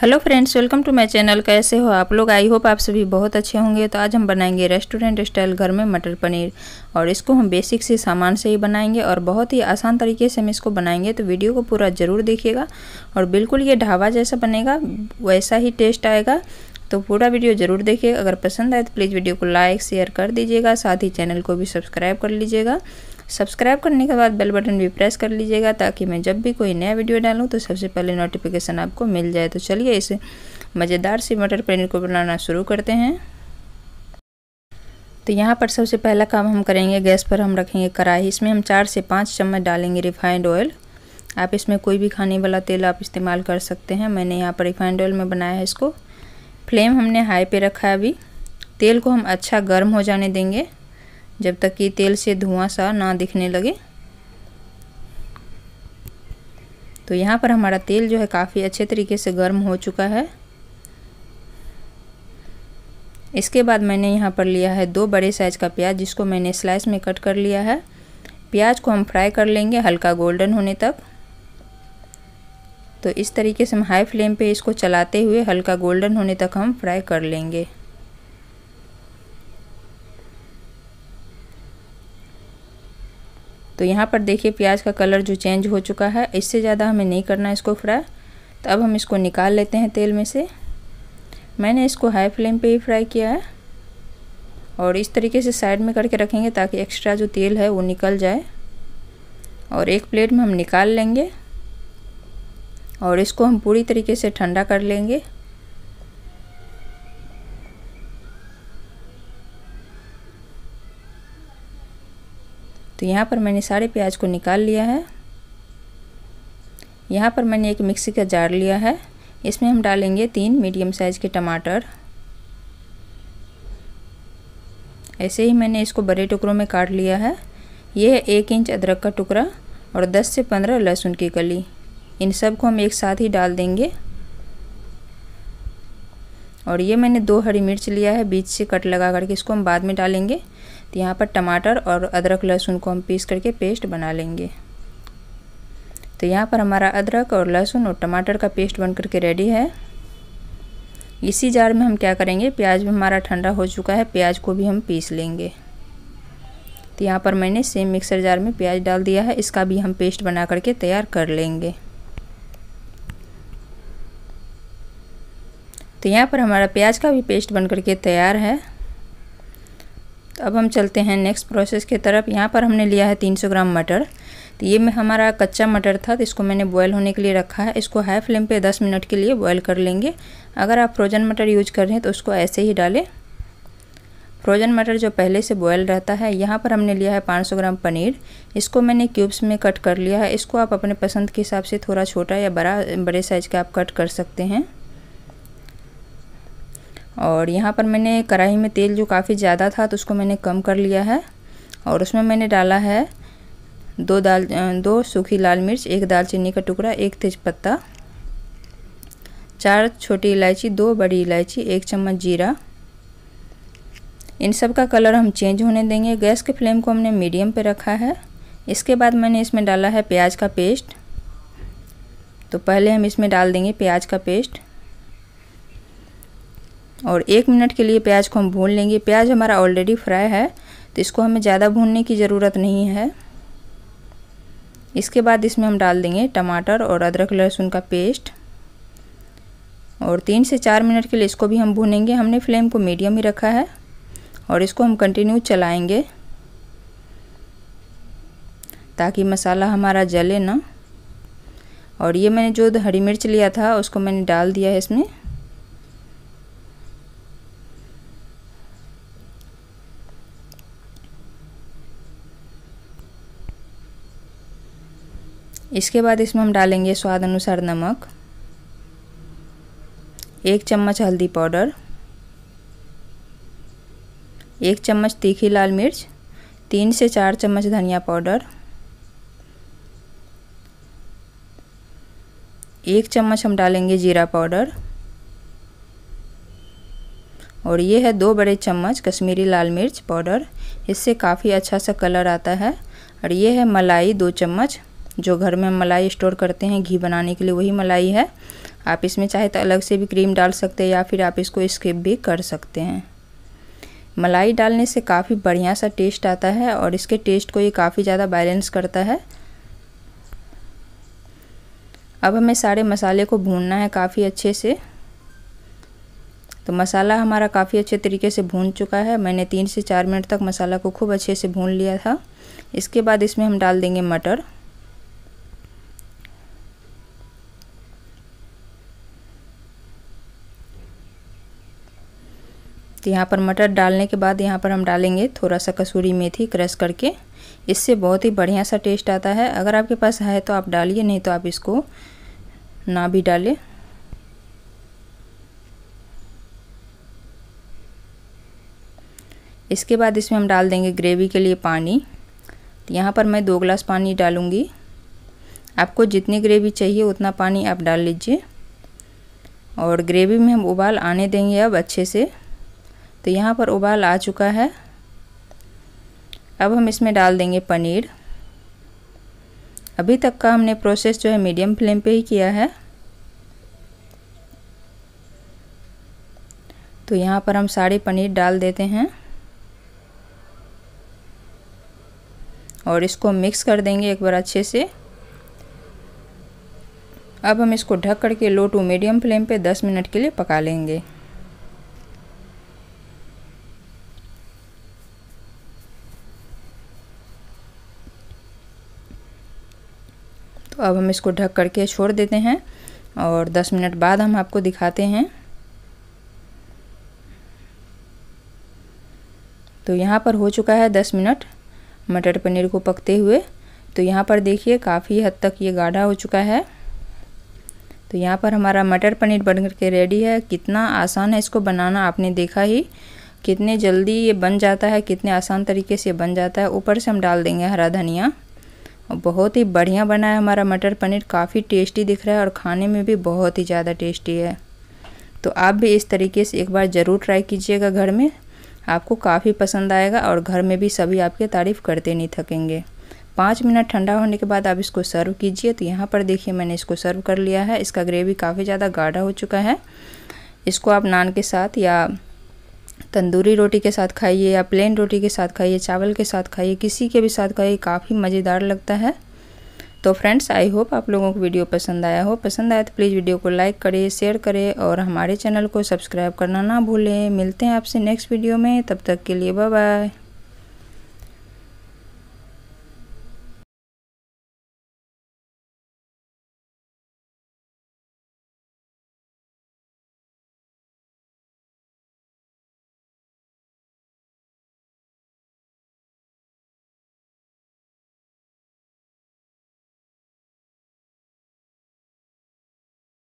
hello friends welcome to my channel कैसे हो आप लोग आई होप आप सभी बहुत अच्छे होंगे तो आज हम बनाएंगे रेस्टोरेंट स्टाइल घर में मटर पनीर और इसको हम बेसिक से सामान से ही बनाएंगे और बहुत ही आसान तरीके से हम इसको बनाएंगे तो वीडियो को पूरा ज़रूर देखिएगा और बिल्कुल ये ढाबा जैसा बनेगा वैसा ही टेस्ट आएगा तो पूरा वीडियो ज़रूर देखिएगा अगर पसंद आए तो प्लीज़ वीडियो को लाइक शेयर कर दीजिएगा साथ ही चैनल को भी सब्सक्राइब कर लीजिएगा सब्सक्राइब करने के बाद बेल बटन भी प्रेस कर लीजिएगा ताकि मैं जब भी कोई नया वीडियो डालूँ तो सबसे पहले नोटिफिकेशन आपको मिल जाए तो चलिए इस मज़ेदार सी मटर पनीर को बनाना शुरू करते हैं तो यहाँ पर सबसे पहला काम हम करेंगे गैस पर हम रखेंगे कढ़ाई इसमें हम चार से पाँच चम्मच डालेंगे रिफाइंड ऑयल आप इसमें कोई भी खाने वाला तेल आप इस्तेमाल कर सकते हैं मैंने यहाँ पर रिफाइंड ऑयल में बनाया है इसको फ्लेम हमने हाई पे रखा है अभी तेल को हम अच्छा गर्म हो जाने देंगे जब तक कि तेल से धुआं सा ना दिखने लगे तो यहाँ पर हमारा तेल जो है काफ़ी अच्छे तरीके से गर्म हो चुका है इसके बाद मैंने यहाँ पर लिया है दो बड़े साइज़ का प्याज जिसको मैंने स्लाइस में कट कर लिया है प्याज को हम फ्राई कर लेंगे हल्का गोल्डन होने तक तो इस तरीके से हम हाई फ्लेम पे इसको चलाते हुए हल्का गोल्डन होने तक हम फ्राई कर लेंगे तो यहाँ पर देखिए प्याज का कलर जो चेंज हो चुका है इससे ज़्यादा हमें नहीं करना इसको फ्राई तो अब हम इसको निकाल लेते हैं तेल में से मैंने इसको हाई फ्लेम पे ही फ्राई किया है और इस तरीके से साइड में करके रखेंगे ताकि एक्स्ट्रा जो तेल है वो निकल जाए और एक प्लेट में हम निकाल लेंगे और इसको हम पूरी तरीके से ठंडा कर लेंगे तो यहाँ पर मैंने सारे प्याज को निकाल लिया है यहाँ पर मैंने एक मिक्सी का जार लिया है इसमें हम डालेंगे तीन मीडियम साइज़ के टमाटर ऐसे ही मैंने इसको बड़े टुकड़ों में काट लिया है यह है एक इंच अदरक का टुकड़ा और 10 से 15 लहसुन की कली इन सब को हम एक साथ ही डाल देंगे और ये मैंने दो हरी मिर्च लिया है बीच से कट लगा करके इसको हम बाद में डालेंगे तो यहाँ पर टमाटर और अदरक लहसुन को हम पीस करके पेस्ट बना लेंगे तो यहाँ पर हमारा अदरक और लहसुन और टमाटर का पेस्ट बन करके रेडी है इसी जार में हम क्या करेंगे प्याज भी हमारा ठंडा हो चुका है प्याज को भी हम पीस लेंगे तो यहाँ पर मैंने सेम मिक्सर जार में प्याज डाल दिया है इसका भी हम पेस्ट बना करके तैयार कर लेंगे तो यहाँ पर हमारा प्याज का भी पेस्ट बन करके तैयार है तो अब हम चलते हैं नेक्स्ट प्रोसेस की तरफ यहाँ पर हमने लिया है 300 ग्राम मटर तो ये में हमारा कच्चा मटर था तो इसको मैंने बॉयल होने के लिए रखा है इसको हाई फ्लेम पे 10 मिनट के लिए बॉयल कर लेंगे अगर आप फ्रोजन मटर यूज कर रहे हैं तो उसको ऐसे ही डालें फ्रोजन मटर जो पहले से बॉयल रहता है यहाँ पर हमने लिया है 500 ग्राम पनीर इसको मैंने क्यूब्स में कट कर लिया है इसको आप अपने पसंद के हिसाब से थोड़ा छोटा या बड़ा बड़े साइज़ का आप कट कर सकते हैं और यहाँ पर मैंने कढ़ाई में तेल जो काफ़ी ज़्यादा था तो उसको मैंने कम कर लिया है और उसमें मैंने डाला है दो दाल दो सूखी लाल मिर्च एक दालचीनी का टुकड़ा एक तेज़पत्ता चार छोटी इलायची दो बड़ी इलायची एक चम्मच जीरा इन सब का कलर हम चेंज होने देंगे गैस के फ्लेम को हमने मीडियम पे रखा है इसके बाद मैंने इसमें डाला है प्याज का पेस्ट तो पहले हम इसमें डाल देंगे प्याज का पेस्ट और एक मिनट के लिए प्याज को हम भून लेंगे प्याज हमारा ऑलरेडी फ्राई है तो इसको हमें ज़्यादा भूनने की ज़रूरत नहीं है इसके बाद इसमें हम डाल देंगे टमाटर और अदरक लहसुन का पेस्ट और तीन से चार मिनट के लिए इसको भी हम भूनेंगे हमने फ्लेम को मीडियम ही रखा है और इसको हम कंटिन्यू चलाएंगे ताकि मसाला हमारा जले ना और ये मैंने जो हरी मिर्च लिया था उसको मैंने डाल दिया है इसमें इसके बाद इसमें हम डालेंगे स्वाद अनुसार नमक एक चम्मच हल्दी पाउडर एक चम्मच तीखी लाल मिर्च तीन से चार चम्मच धनिया पाउडर एक चम्मच हम डालेंगे जीरा पाउडर और ये है दो बड़े चम्मच कश्मीरी लाल मिर्च पाउडर इससे काफ़ी अच्छा सा कलर आता है और ये है मलाई दो चम्मच जो घर में मलाई स्टोर करते हैं घी बनाने के लिए वही मलाई है आप इसमें चाहे तो अलग से भी क्रीम डाल सकते हैं या फिर आप इसको स्किप भी कर सकते हैं मलाई डालने से काफ़ी बढ़िया सा टेस्ट आता है और इसके टेस्ट को ये काफ़ी ज़्यादा बैलेंस करता है अब हमें सारे मसाले को भूनना है काफ़ी अच्छे से तो मसाला हमारा काफ़ी अच्छे तरीके से भून चुका है मैंने तीन से चार मिनट तक मसाला को खूब अच्छे से भून लिया था इसके बाद इसमें हम डाल देंगे मटर तो यहाँ पर मटर डालने के बाद यहाँ पर हम डालेंगे थोड़ा सा कसूरी मेथी क्रश करके इससे बहुत ही बढ़िया सा टेस्ट आता है अगर आपके पास है तो आप डालिए नहीं तो आप इसको ना भी डालें इसके बाद इसमें हम डाल देंगे ग्रेवी के लिए पानी तो यहाँ पर मैं दो गिलास पानी डालूँगी आपको जितनी ग्रेवी चाहिए उतना पानी आप डाल लीजिए और ग्रेवी में हम उबाल आने देंगे अब अच्छे से तो यहाँ पर उबाल आ चुका है अब हम इसमें डाल देंगे पनीर अभी तक का हमने प्रोसेस जो है मीडियम फ्लेम पे ही किया है तो यहाँ पर हम सारे पनीर डाल देते हैं और इसको मिक्स कर देंगे एक बार अच्छे से अब हम इसको ढक करके लो टू मीडियम फ्लेम पे 10 मिनट के लिए पका लेंगे अब हम इसको ढक करके छोड़ देते हैं और 10 मिनट बाद हम आपको दिखाते हैं तो यहाँ पर हो चुका है 10 मिनट मटर पनीर को पकते हुए तो यहाँ पर देखिए काफ़ी हद तक ये गाढ़ा हो चुका है तो यहाँ पर हमारा मटर पनीर बन के रेडी है कितना आसान है इसको बनाना आपने देखा ही कितने जल्दी ये बन जाता है कितने आसान तरीके से बन जाता है ऊपर से हम डाल देंगे हरा धनिया और बहुत ही बढ़िया बना है हमारा मटर पनीर काफ़ी टेस्टी दिख रहा है और खाने में भी बहुत ही ज़्यादा टेस्टी है तो आप भी इस तरीके से एक बार ज़रूर ट्राई कीजिएगा घर में आपको काफ़ी पसंद आएगा और घर में भी सभी आपके तारीफ़ करते नहीं थकेंगे पाँच मिनट ठंडा होने के बाद आप इसको सर्व कीजिए तो यहाँ पर देखिए मैंने इसको सर्व कर लिया है इसका ग्रेवी काफ़ी ज़्यादा गाढ़ा हो चुका है इसको आप नान के साथ या तंदूरी रोटी के साथ खाइए या प्लेन रोटी के साथ खाइए चावल के साथ खाइए किसी के भी साथ खाइए काफ़ी मज़ेदार लगता है तो फ्रेंड्स आई होप आप लोगों को वीडियो पसंद आया हो पसंद आया तो प्लीज़ वीडियो को लाइक करें शेयर करें और हमारे चैनल को सब्सक्राइब करना ना भूलें मिलते हैं आपसे नेक्स्ट वीडियो में तब तक के लिए बाय बाय